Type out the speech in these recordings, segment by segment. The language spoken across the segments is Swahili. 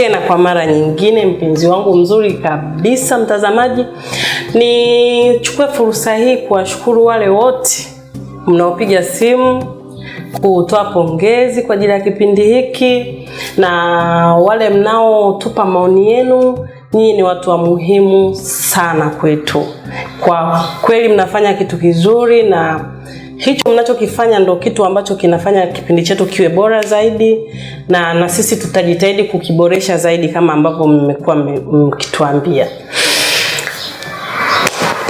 tena kwa mara nyingine, mpenzi wangu mzuri kabisa mtazamaji, nichukue fursa hii kuwashukuru wale wote mnaopiga simu kutoa pongezi kwa ajili ya kipindi hiki na wale mnaotupa maoni yenu nyinyi ni watu wa muhimu sana kwetu. Kwa kweli mnafanya kitu kizuri, na hicho mnachokifanya ndo kitu ambacho kinafanya kipindi chetu kiwe bora zaidi, na na sisi tutajitahidi kukiboresha zaidi kama ambavyo mmekuwa mkituambia.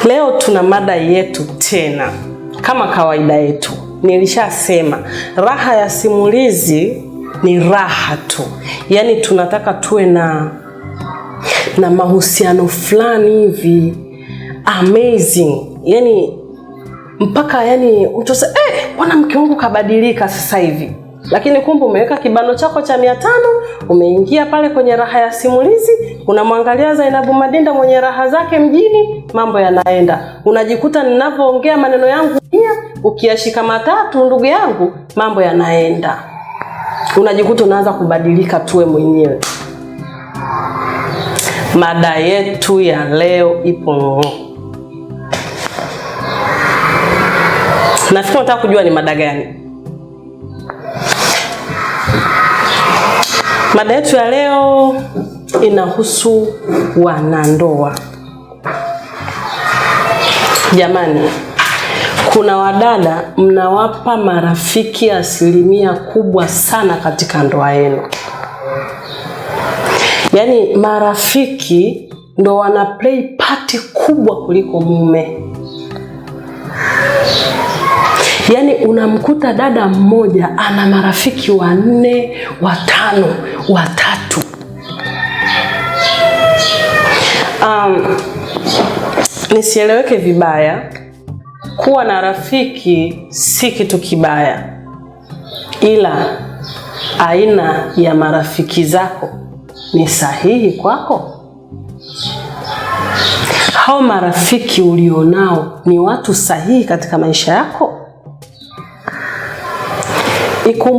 Leo tuna mada yetu tena, kama kawaida yetu, nilishasema raha ya simulizi ni raha tu, yaani tunataka tuwe na na mahusiano fulani hivi amazing, yani mpaka yani mtu sasa eh, bwana mke wangu kabadilika sasa hivi lakini kumbe umeweka kibano chako cha mia tano umeingia pale kwenye raha ya simulizi, unamwangalia Zainabu Madinda mwenye raha zake mjini, mambo yanaenda. Unajikuta ninavyoongea maneno yangu pia ukiyashika matatu, ndugu yangu, mambo yanaenda. Unajikuta unaanza kubadilika tuwe mwenyewe. Mada yetu ya leo ipo. Nafikiri nataka kujua ni mada gani. Mada yetu ya leo inahusu wanandoa. Jamani, kuna wadada mnawapa marafiki asilimia kubwa sana katika ndoa yenu. Yaani marafiki ndo wana play party kubwa kuliko mume. Yaani unamkuta dada mmoja ana marafiki wanne, watano, watatu. Um, nisieleweke vibaya, kuwa na rafiki si kitu kibaya, ila aina ya marafiki zako ni sahihi kwako? Hao marafiki ulionao ni watu sahihi katika maisha yako? Ikumbuke